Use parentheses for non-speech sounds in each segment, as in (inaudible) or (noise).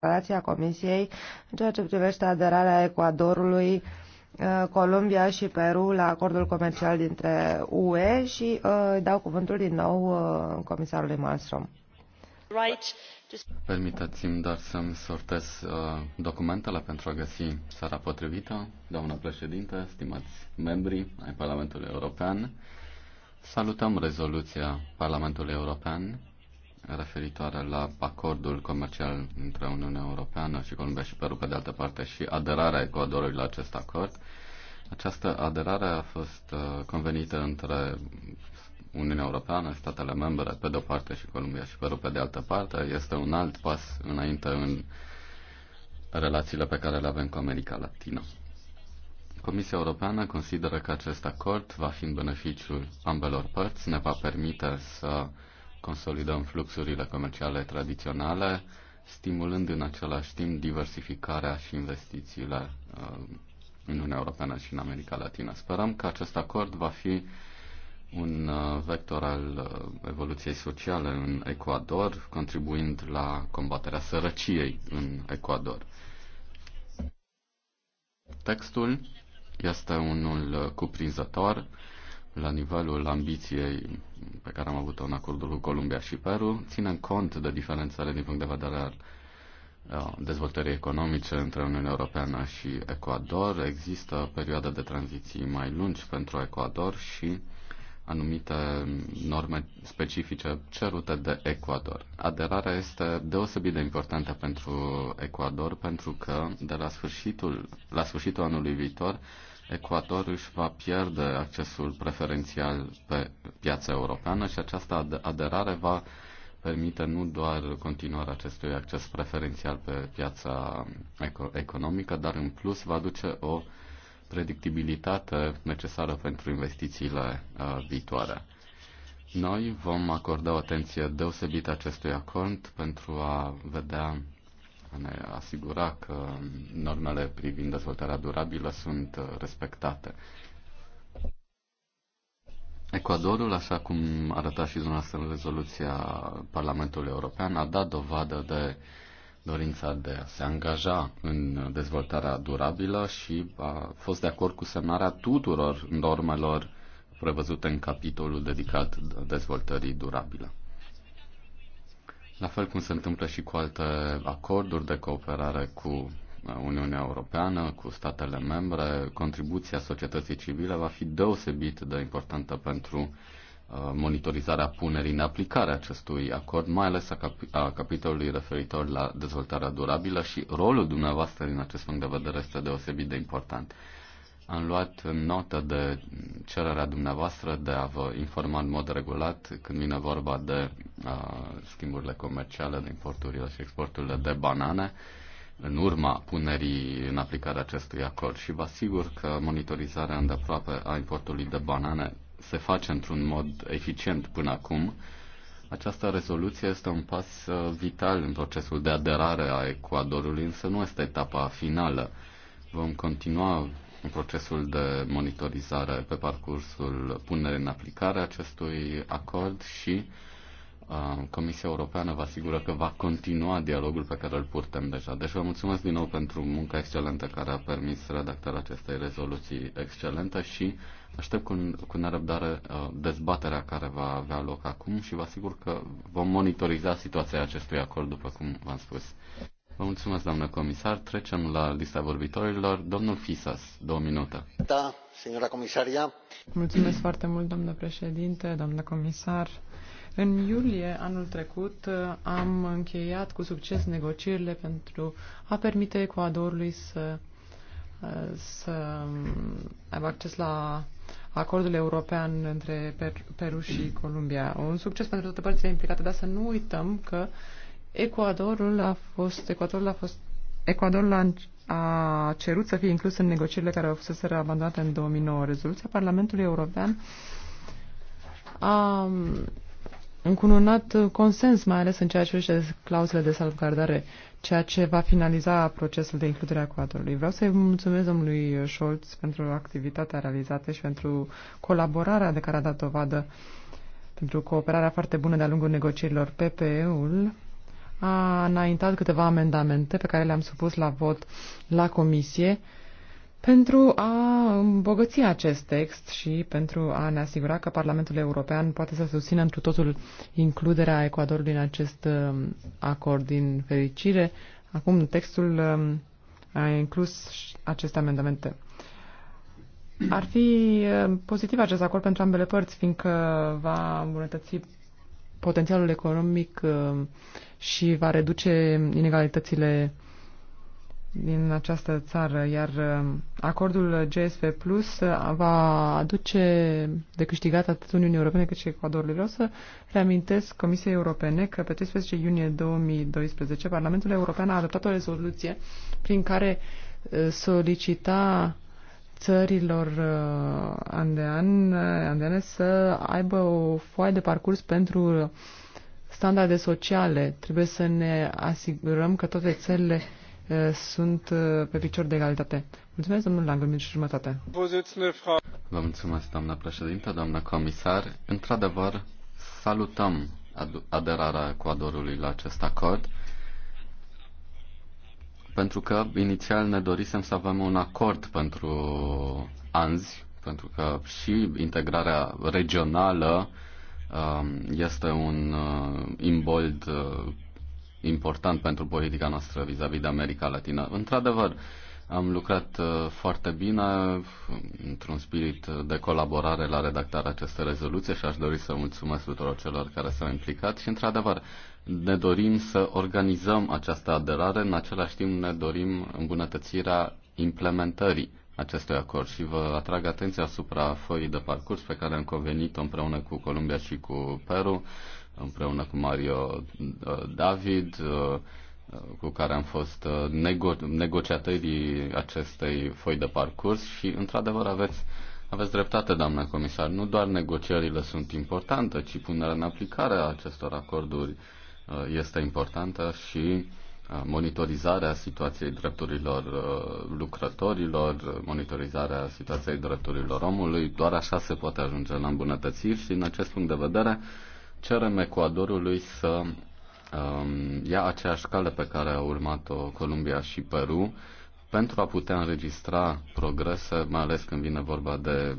declarația Comisiei în ceea ce privește aderarea Ecuadorului, uh, Columbia și Peru la acordul comercial dintre UE și uh, îi dau cuvântul din nou uh, comisarului Malmström. Right. Permiteți-mi doar să-mi sortez uh, documentele pentru a găsi țara potrivită. Doamna președinte, stimați membri ai Parlamentului European, salutăm rezoluția Parlamentului European referitoare la acordul comercial între Uniunea Europeană și Columbia și Peru, pe de altă parte, și aderarea Ecuadorului la acest acord. Această aderare a fost uh, convenită între Uniunea Europeană, statele membre, pe de-o parte, și Columbia și Peru, pe de altă parte. Este un alt pas înainte în relațiile pe care le avem cu America Latină. Comisia Europeană consideră că acest acord va fi în beneficiul ambelor părți, ne va permite să consolidăm fluxurile comerciale tradiționale, stimulând în același timp diversificarea și investițiile uh, în Uniunea Europeană și în America Latină. Sperăm că acest acord va fi un uh, vector al uh, evoluției sociale în Ecuador, contribuind la combaterea sărăciei în Ecuador. Textul este unul cuprinzător la nivelul ambiției pe care am avut-o în acordul cu Columbia și Peru ținem cont de diferențele din punct de vedere al uh, dezvoltării economice între Uniunea Europeană și Ecuador. Există perioade de tranziții mai lungi pentru Ecuador și anumite norme specifice cerute de Ecuador. Aderarea este deosebit de importantă pentru Ecuador pentru că de la sfârșitul, la sfârșitul anului viitor Ecuador își va pierde accesul preferențial pe piața europeană și această aderare va permite nu doar continuarea acestui acces preferențial pe piața economică, dar în plus va aduce o predictibilitate necesară pentru investițiile uh, viitoare. Noi vom acorda o atenție deosebită acestui acord pentru a vedea a ne asigura că normele privind dezvoltarea durabilă sunt uh, respectate. Ecuadorul, așa cum arăta și dumneavoastră în rezoluția Parlamentului European, a dat dovadă de dorința de a se angaja în dezvoltarea durabilă și a fost de acord cu semnarea tuturor normelor prevăzute în capitolul dedicat dezvoltării durabile. La fel cum se întâmplă și cu alte acorduri de cooperare cu Uniunea Europeană, cu statele membre, contribuția societății civile va fi deosebit de importantă pentru uh, monitorizarea punerii în aplicare acestui acord, mai ales a, cap- a capitolului referitor la dezvoltarea durabilă și rolul dumneavoastră din acest punct de vedere este deosebit de important. Am luat notă de cererea dumneavoastră de a vă informa în mod regulat când vine vorba de uh, schimburile comerciale, de importurile și exporturile de banane în urma punerii în aplicare acestui acord și vă asigur că monitorizarea îndeaproape a importului de banane se face într-un mod eficient până acum. Această rezoluție este un pas uh, vital în procesul de aderare a Ecuadorului, însă nu este etapa finală. Vom continua în procesul de monitorizare pe parcursul punerii în aplicare acestui acord și uh, Comisia Europeană vă asigură că va continua dialogul pe care îl purtăm deja. Deci vă mulțumesc din nou pentru munca excelentă care a permis redactarea acestei rezoluții excelente și aștept cu, cu nerăbdare uh, dezbaterea care va avea loc acum și vă asigur că vom monitoriza situația acestui acord, după cum v-am spus. Vă mulțumesc, doamnă comisar. Trecem la lista vorbitorilor. Domnul Fisas, două minute. Da, signora comisaria. Mulțumesc foarte mult, doamnă președinte, doamnă comisar. În iulie anul trecut uh, am încheiat cu succes negocierile pentru a permite Ecuadorului să, uh, să um, aibă acces la acordul european între Peru și Columbia. Un succes pentru toate părțile implicate, dar să nu uităm că uh, Ecuadorul a fost, Ecuadorul a fost, Ecuadorul a, a cerut să fie inclus în negocierile care au fost abandonate în 2009. Rezoluția Parlamentului European a um, încununat consens, mai ales în ceea ce privește clauzele de salvgardare, ceea ce va finaliza procesul de includere a Ecuadorului. Vreau să-i mulțumesc domnului Scholz pentru activitatea realizată și pentru colaborarea de care a dat dovadă, pentru cooperarea foarte bună de-a lungul negocierilor. PPE-ul a înaintat câteva amendamente pe care le-am supus la vot la comisie pentru a îmbogăți acest text și pentru a ne asigura că Parlamentul European poate să susțină întru totul includerea Ecuadorului în acest um, acord. Din fericire, acum textul um, a inclus aceste amendamente. Ar fi uh, pozitiv acest acord pentru ambele părți, fiindcă va îmbunătăți potențialul economic uh, și va reduce inegalitățile din această țară, iar uh, acordul GSP Plus uh, va aduce de câștigat atât Uniunii Europene cât și Ecuadorului. Vreau să reamintesc Comisiei Europene că pe 13 iunie 2012 Parlamentul European a adoptat o rezoluție prin care solicita țărilor uh, andean, uh, andeane să aibă o foaie de parcurs pentru standarde sociale. Trebuie să ne asigurăm că toate țările uh, sunt pe picior de egalitate. Mulțumesc, domnul Langer, minut și jumătate. Vă mulțumesc, doamna președintă, doamna comisar. Într-adevăr, salutăm aderarea Ecuadorului la acest acord pentru că inițial ne dorisem să avem un acord pentru anzi, pentru că și integrarea regională um, este un uh, imbold uh, important pentru politica noastră vis-a-vis -vis de America Latină. Într-adevăr, am lucrat uh, foarte bine într-un spirit de colaborare la redactarea acestei rezoluții și aș dori să mulțumesc tuturor celor care s-au implicat și, într-adevăr, ne dorim să organizăm această aderare, în același timp ne dorim îmbunătățirea implementării acestui acord și vă atrag atenția asupra foii de parcurs pe care am convenit împreună cu Columbia și cu Peru, împreună cu Mario uh, David, uh, cu care am fost uh, nego- negociatorii acestei foi de parcurs și, într-adevăr, aveți, aveți dreptate, doamna comisar. Nu doar negocierile sunt importante, ci punerea în aplicare a acestor acorduri Uh, este importantă și uh, monitorizarea situației drepturilor uh, lucrătorilor, monitorizarea situației drepturilor omului. Doar așa se poate ajunge la îmbunătățiri și, în acest punct de vedere, cerem Ecuadorului să um, ia aceeași cale pe care a urmat-o Columbia și Peru pentru a putea înregistra progrese, mai ales când vine vorba de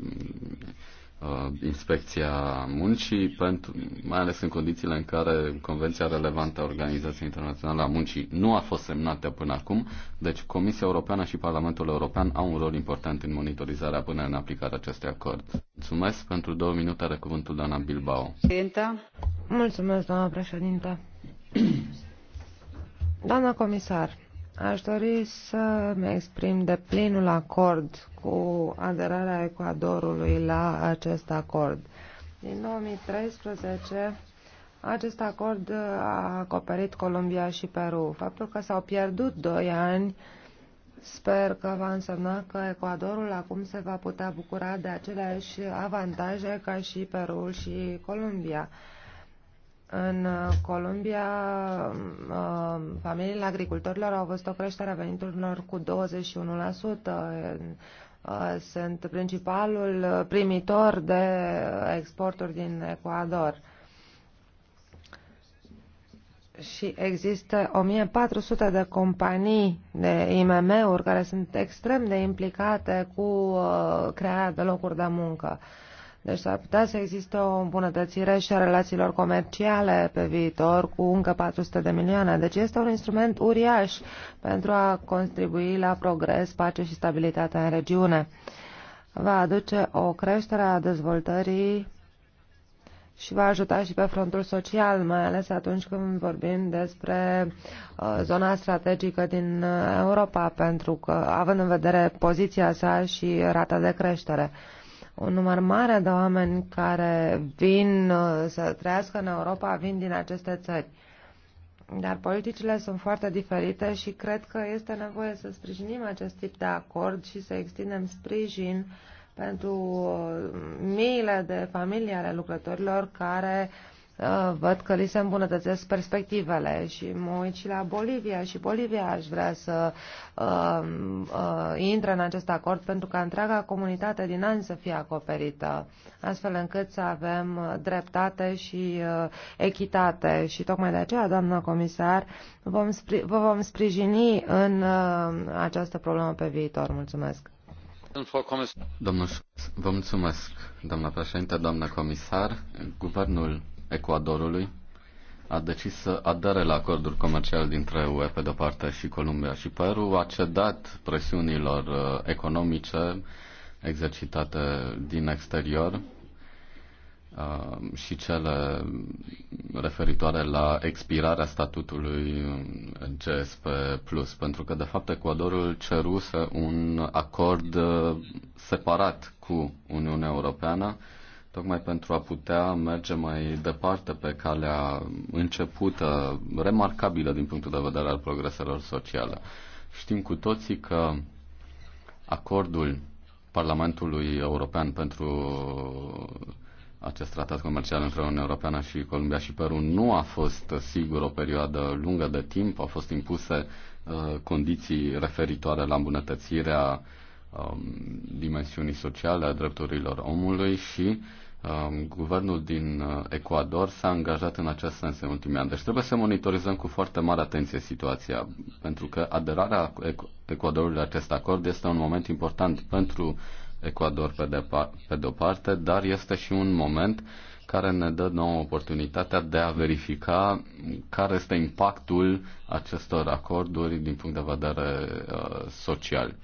Uh, inspecția muncii, pentru, mai ales în condițiile în care Convenția relevantă a Organizației Internaționale a Muncii nu a fost semnată până acum, deci Comisia Europeană și Parlamentul European au un rol important în monitorizarea până în aplicarea acestui acord. Mulțumesc pentru două minute, are cuvântul doamna Bilbao. Mulțumesc, doamna președintă. (clears throat) Doamna comisar, Aș dori să mi exprim de plinul acord cu aderarea Ecuadorului la acest acord. Din 2013, acest acord a acoperit Columbia și Peru. Faptul că s-au pierdut doi ani Sper că va însemna că Ecuadorul acum se va putea bucura de aceleași avantaje ca și Perul și Columbia. În uh, Columbia, uh, familiile agricultorilor au văzut o creștere a veniturilor cu 21%. Uh, sunt principalul primitor de exporturi din Ecuador și există 1400 de companii de IMM-uri care sunt extrem de implicate cu crearea de locuri de muncă. Deci s-ar putea să existe o îmbunătățire și a relațiilor comerciale pe viitor cu încă 400 de milioane. Deci este un instrument uriaș pentru a contribui la progres, pace și stabilitate în regiune. Va aduce o creștere a dezvoltării și va ajuta și pe frontul social, mai ales atunci când vorbim despre uh, zona strategică din uh, Europa, pentru că având în vedere poziția sa și rata de creștere un număr mare de oameni care vin uh, să trăiască în Europa, vin din aceste țări. Dar politicile sunt foarte diferite și cred că este nevoie să sprijinim acest tip de acord și să extindem sprijin pentru uh, miile de familii ale lucrătorilor care uh, Uh, văd că li se îmbunătățesc perspectivele și mă uit și la Bolivia și Bolivia aș vrea să uh, uh, intre în acest acord pentru ca întreaga comunitate din ani să fie acoperită, astfel încât să avem dreptate și uh, echitate și tocmai de aceea, doamnă comisar, vom vă vom sprijini în uh, această problemă pe viitor. Mulțumesc! Domnul, vă mulțumesc, doamna președinte, doamna comisar. Guvernul Ecuadorului a decis să adere la acordul comercial dintre UE pe de-o parte și Columbia și Peru, a cedat presiunilor uh, economice exercitate din exterior uh, și cele referitoare la expirarea statutului GSP+, Plus, pentru că, de fapt, Ecuadorul ceruse un acord uh, separat cu Uniunea Europeană tocmai pentru a putea merge mai departe pe calea începută, remarcabilă din punctul de vedere al progreselor sociale. Știm cu toții că acordul Parlamentului European pentru acest tratat comercial între Uniunea Europeană și Columbia și Peru nu a fost sigur o perioadă lungă de timp, au fost impuse uh, condiții referitoare la îmbunătățirea um, dimensiunii sociale a drepturilor omului și Um, guvernul din uh, Ecuador s-a angajat în acest sens în ultimii ani. Deci trebuie să monitorizăm cu foarte mare atenție situația, pentru că aderarea Ecuadorului la acest acord este un moment important pentru Ecuador pe de, pe de o parte, dar este și un moment care ne dă nouă oportunitatea de a verifica care este impactul acestor acorduri din punct de vedere uh, social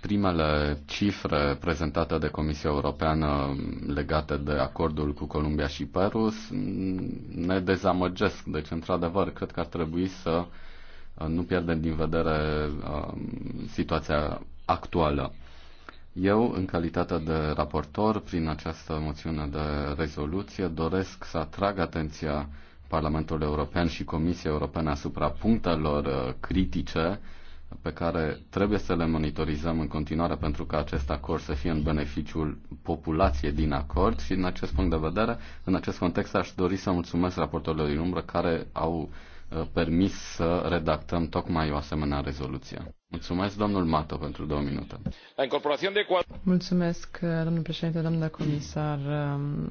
primele cifre prezentate de Comisia Europeană legate de acordul cu Columbia și Peru ne dezamăgesc. Deci, într-adevăr, cred că ar trebui să uh, nu pierdem din vedere um, situația actuală. Eu, în calitate de raportor, prin această moțiune de rezoluție, doresc să atrag atenția Parlamentului European și Comisiei Europene asupra punctelor uh, critice pe care trebuie să le monitorizăm în continuare pentru ca acest acord să fie în beneficiul populației din acord și în acest punct de vedere, în acest context aș dori să mulțumesc raportorilor din umbră care au uh, permis să redactăm tocmai o asemenea rezoluție. Mulțumesc, domnul Mato, pentru două minute. Mulțumesc, uh, domnul președinte, domnule comisar. Um,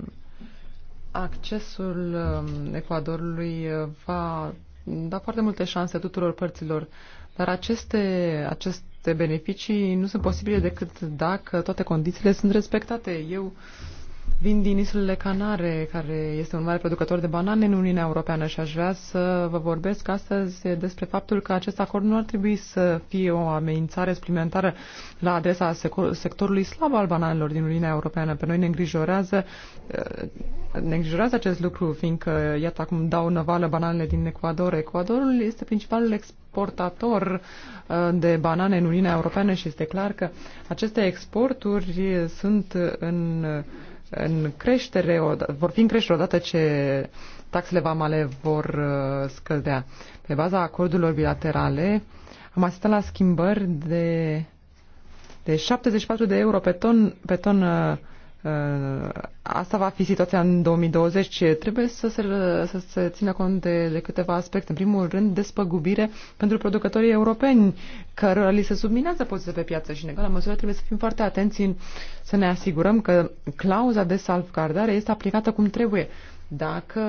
accesul um, Ecuadorului uh, va da foarte multe șanse tuturor părților dar aceste, aceste beneficii nu sunt posibile decât dacă toate condițiile sunt respectate. Eu uh, Vin din insulele Canare, care este un mare producător de banane în Uniunea Europeană și aș vrea să vă vorbesc astăzi despre faptul că acest acord nu ar trebui să fie o amenințare suplimentară la adresa sectorului slab al bananelor din Uniunea Europeană. Pe noi ne îngrijorează, eh, ne îngrijorează acest lucru, fiindcă, iată, acum dau năvală bananele din Ecuador. Ecuadorul este principalul exportator eh, de banane în Uniunea Europeană și este clar că aceste exporturi sunt în în creștere, da, vor fi în creștere odată ce taxele vamale vor uh, scădea. Pe baza acordurilor bilaterale am asistat la schimbări de, de 74 de euro pe ton, pe ton uh, uh, asta va fi situația în 2020. Trebuie să se, să se țină cont de, de câteva aspecte. În primul rând, despăgubire pentru producătorii europeni, cărora li se subminează poziția pe piață și, în egală măsură, trebuie să fim foarte atenți în, să ne asigurăm că clauza de salvgardare este aplicată cum trebuie. Dacă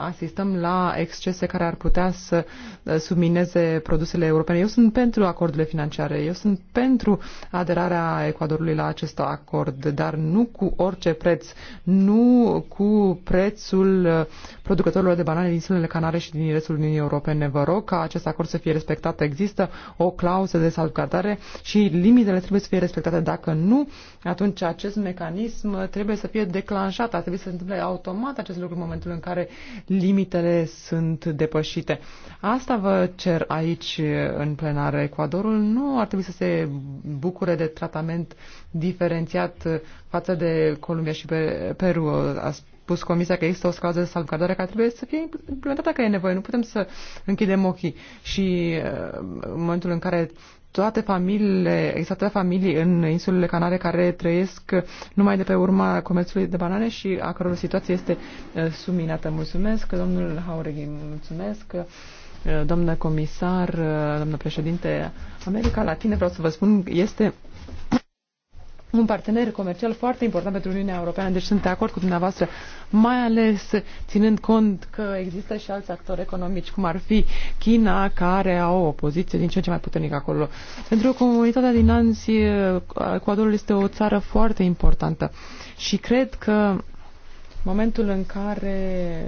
asistăm la excese care ar putea să uh, submineze produsele europene, eu sunt pentru acordurile financiare, eu sunt pentru aderarea Ecuadorului la acest acord, dar nu cu orice preț nu cu prețul uh, producătorilor de banane din insulele Canare și din restul Uniunii Europene. Vă rog ca acest acord să fie respectat. Există o clauză de salvgardare și limitele trebuie să fie respectate. Dacă nu, atunci acest mecanism trebuie să fie declanșat. Ar trebui să se întâmple automat acest lucru în momentul în care limitele sunt depășite. Asta vă cer aici în plenară. Ecuadorul nu ar trebui să se bucure de tratament uh, diferențiat uh, față de Columbia și Peru. Uh, a spus Comisia că există o clauză de salvgardare care trebuie să fie implementată că e nevoie. Nu putem să închidem ochii. Și uh, în momentul în care toate familiile, există toate familii în insulele Canare care trăiesc numai de pe urma comerțului de banane și a căror situație este suminată. Mulțumesc, domnul Haureghi, mulțumesc. Doamnă comisar, doamnă președinte, America Latine, vreau să vă spun, este un partener comercial foarte important pentru Uniunea Europeană, deci sunt de acord cu dumneavoastră, mai ales ținând cont că există și alți actori economici, cum ar fi China, care au o poziție din ce în ce mai puternică acolo. Pentru comunitatea din Anzi, Ecuadorul este o țară foarte importantă și cred că momentul în care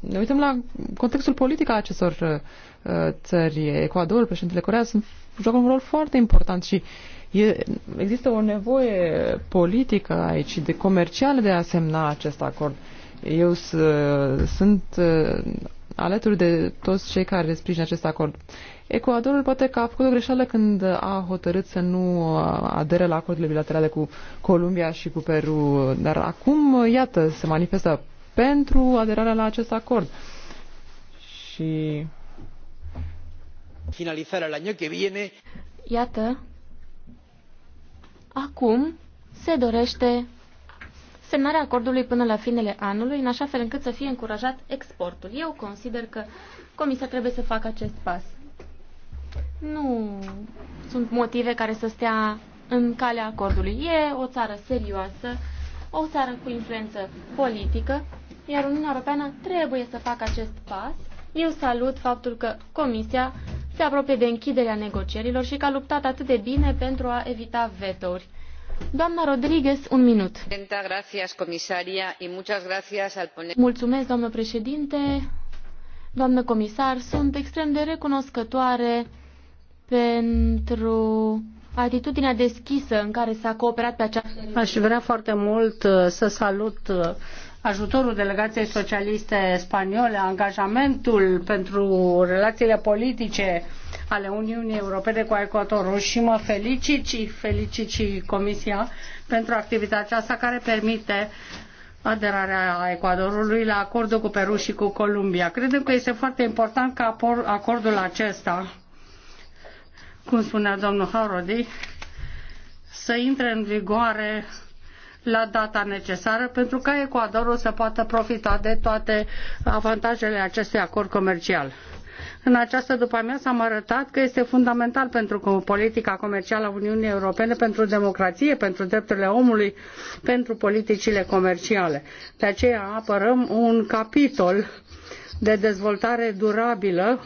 ne uităm la contextul politic al acestor uh, țări, Ecuadorul, președintele Corea, sunt, joacă un rol foarte important și e, există o nevoie politică aici, de comercială de a semna acest acord. Eu uh, sunt uh, alături de toți cei care sprijină acest acord. Ecuadorul poate că a făcut o greșeală când a hotărât să nu adere la acordurile bilaterale cu Columbia și cu Peru, dar acum, iată, se manifestă pentru aderarea la acest acord. Și finalizarea la año que viene. Iată, acum se dorește semnarea acordului până la finele anului, în așa fel încât să fie încurajat exportul. Eu consider că Comisia trebuie să facă acest pas. Nu sunt motive care să stea în calea acordului. E o țară serioasă, o țară cu influență politică iar Uniunea Europeană trebuie să facă acest pas. Eu salut faptul că Comisia se apropie de închiderea negocierilor și că a luptat atât de bine pentru a evita vetouri. Doamna Rodriguez, un minut. Mulțumesc, doamnă președinte. Doamnă comisar, sunt extrem de recunoscătoare pentru atitudinea deschisă în care s-a cooperat pe această... Aș vrea foarte mult uh, să salut uh, ajutorul delegației socialiste spaniole, angajamentul pentru relațiile politice ale Uniunii Europene cu Ecuatorul și mă felicit și felicit și Comisia pentru activitatea sa care permite aderarea Ecuadorului la acordul cu Peru și cu Columbia. Credem că este foarte important ca acordul acesta, cum spunea domnul Harodi, să intre în vigoare la data necesară pentru ca Ecuadorul să poată profita de toate avantajele acestui acord comercial. În această după-amiază am arătat că este fundamental pentru politica comercială a Uniunii Europene, pentru democrație, pentru drepturile omului, pentru politicile comerciale. De aceea apărăm un capitol de dezvoltare durabilă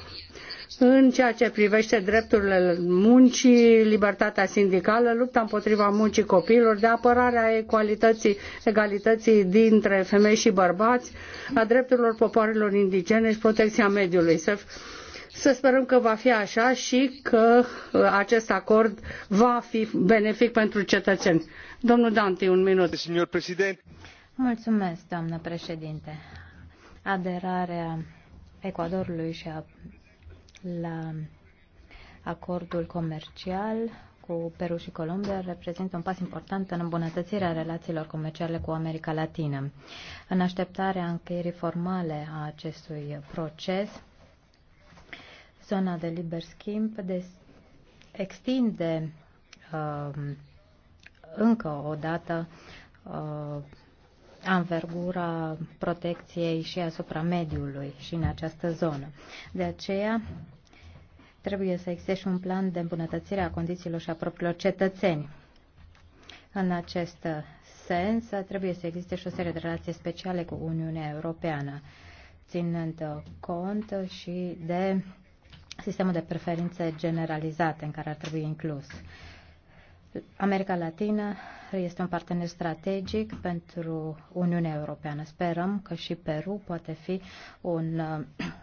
în ceea ce privește drepturile muncii, libertatea sindicală, lupta împotriva muncii copiilor, de apărarea egalității, egalității dintre femei și bărbați, a drepturilor popoarelor indigene și protecția mediului. Să, să sperăm că va fi așa și că uh, acest acord va fi benefic pentru cetățeni. Domnul Danti, un minut. Mulțumesc, doamnă președinte. Aderarea Ecuadorului și a la acordul comercial cu Peru și Columbia reprezintă un pas important în îmbunătățirea relațiilor comerciale cu America Latină. În așteptarea încheierii formale a acestui proces, zona de liber schimb de extinde uh, încă o dată uh, anvergura protecției și asupra mediului și în această zonă. De aceea, Trebuie să existe și un plan de îmbunătățire a condițiilor și a propriilor cetățeni. În acest sens, trebuie să existe și o serie de relații speciale cu Uniunea Europeană, ținând cont și de sistemul de preferințe generalizate în care ar trebui inclus. America Latină este un partener strategic pentru Uniunea Europeană. Sperăm că și Peru poate fi un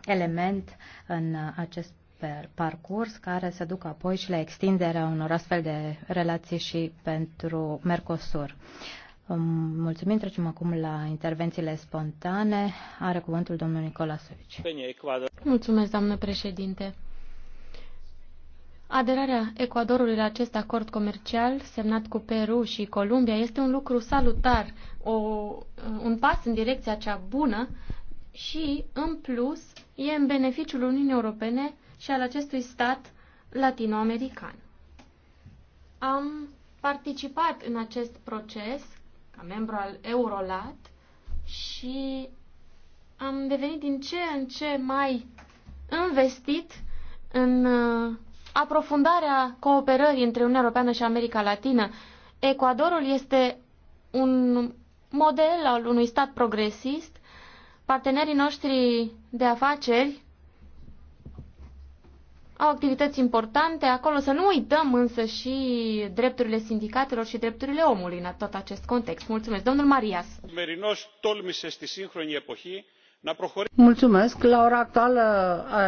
element în acest pe parcurs, care se ducă apoi și la extinderea unor astfel de relații și pentru Mercosur. Mulțumim, trecem acum la intervențiile spontane. Are cuvântul domnul Sovici. Mulțumesc, doamnă președinte. Aderarea Ecuadorului la acest acord comercial semnat cu Peru și Columbia este un lucru salutar, o, un pas în direcția cea bună și, în plus, e în beneficiul Uniunii Europene și al acestui stat latinoamerican. Am participat în acest proces ca membru al Eurolat și am devenit din ce în ce mai investit în uh, aprofundarea cooperării între Uniunea Europeană și America Latină. Ecuadorul este un model al unui stat progresist. Partenerii noștri de afaceri au activități importante acolo. Să nu uităm însă și drepturile sindicatelor și drepturile omului în tot acest context. Mulțumesc. Domnul Marias. Mulțumesc. La ora actuală,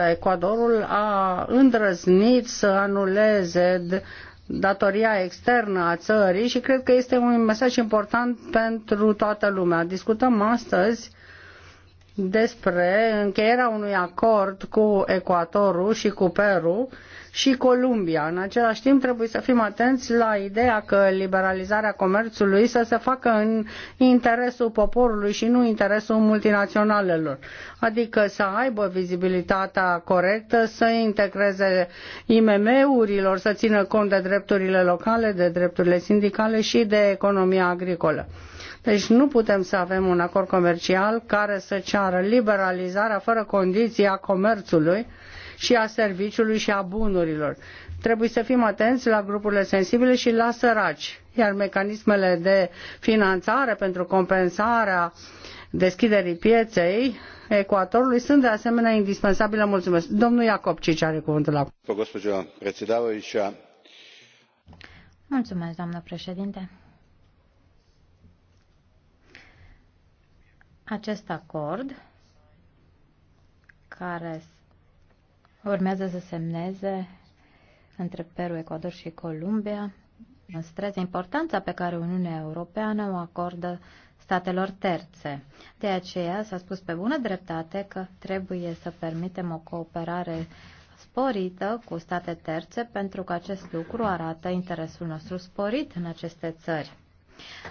Ecuadorul a îndrăznit să anuleze datoria externă a țării și cred că este un mesaj important pentru toată lumea. Discutăm astăzi uh, despre încheierea unui acord cu Ecuatorul și cu Peru și Columbia. În același timp trebuie să fim atenți la ideea că liberalizarea comerțului să se facă în interesul poporului și nu interesul multinaționalelor. Adică să aibă vizibilitatea corectă, să integreze IMM-urilor, să țină cont de drepturile locale, de drepturile sindicale și de economia agricolă deci nu putem să avem un acord comercial care să ceară liberalizarea fără condiții a comerțului și a serviciului și a bunurilor. Trebuie să fim atenți la grupurile sensibile și la săraci, iar mecanismele de finanțare pentru compensarea deschiderii pieței Ecuatorului sunt de asemenea indispensabile. Mulțumesc. Domnul Iacob Cici are cuvântul acum. Mulțumesc, doamnă președinte. Acest acord care urmează să semneze între Peru, Ecuador și Columbia înstrează importanța pe care Uniunea Europeană o acordă statelor terțe. De aceea s-a spus pe bună dreptate că trebuie să permitem o cooperare sporită cu state terțe pentru că acest lucru arată interesul nostru sporit în aceste țări.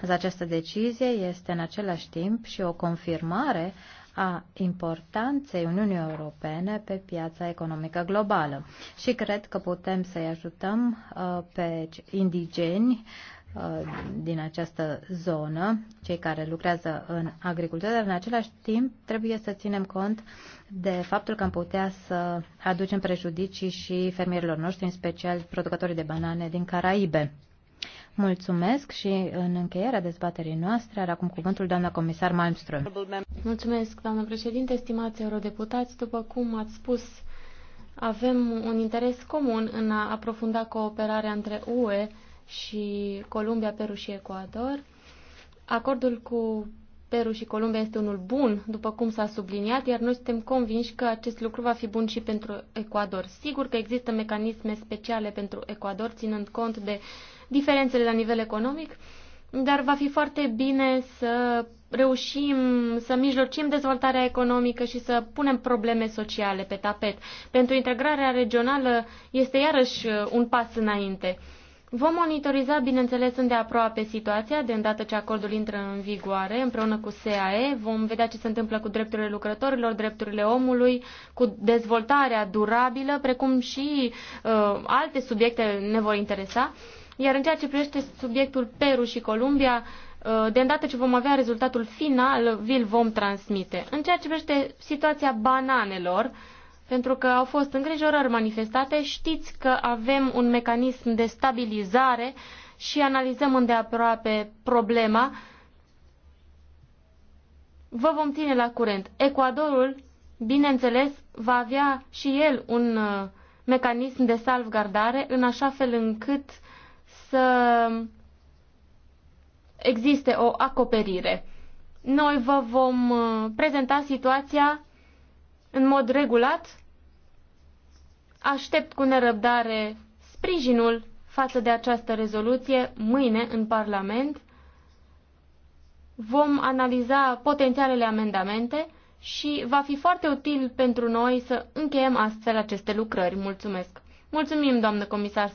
Însă această decizie este în același timp și o confirmare a importanței Uniunii Europene pe piața economică globală. Și cred că putem să-i ajutăm uh, pe indigeni uh, din această zonă, cei care lucrează în agricultură, dar în același timp trebuie să ținem cont de faptul că am putea să aducem prejudicii și fermierilor noștri, în special producătorii de banane din Caraibe. Mulțumesc și în încheierea dezbaterii noastre are acum cuvântul doamna comisar Malmström. Mulțumesc, doamnă președinte, stimați eurodeputați. După cum ați spus, avem un interes comun în a aprofunda cooperarea între UE și Columbia, Peru și Ecuador. Acordul cu Peru și Columbia este unul bun, după cum s-a subliniat, iar noi suntem convinși că acest lucru va fi bun și pentru Ecuador. Sigur că există mecanisme speciale pentru Ecuador, ținând cont de diferențele la nivel economic, dar va fi foarte bine să reușim să mijlocim dezvoltarea economică și să punem probleme sociale pe tapet. Pentru integrarea regională este iarăși un pas înainte. Vom monitoriza, bineînțeles, îndeaproape situația, de îndată ce acordul intră în vigoare, împreună cu SAE. Vom vedea ce se întâmplă cu drepturile lucrătorilor, drepturile omului, cu dezvoltarea durabilă, precum și uh, alte subiecte ne vor interesa. Iar în ceea ce privește subiectul Peru și Columbia, uh, de îndată ce vom avea rezultatul final, vi-l vom transmite. În ceea ce privește situația bananelor, pentru că au fost îngrijorări manifestate. Știți că avem un mecanism de stabilizare și analizăm îndeaproape problema. Vă vom ține la curent. Ecuadorul, bineînțeles, va avea și el un uh, mecanism de salvgardare în așa fel încât să existe o acoperire. Noi vă vom uh, prezenta situația în mod regulat, aștept cu nerăbdare sprijinul față de această rezoluție mâine în Parlament. Vom analiza potențialele amendamente și va fi foarte util pentru noi să încheiem astfel aceste lucrări. Mulțumesc! Mulțumim, doamnă comisar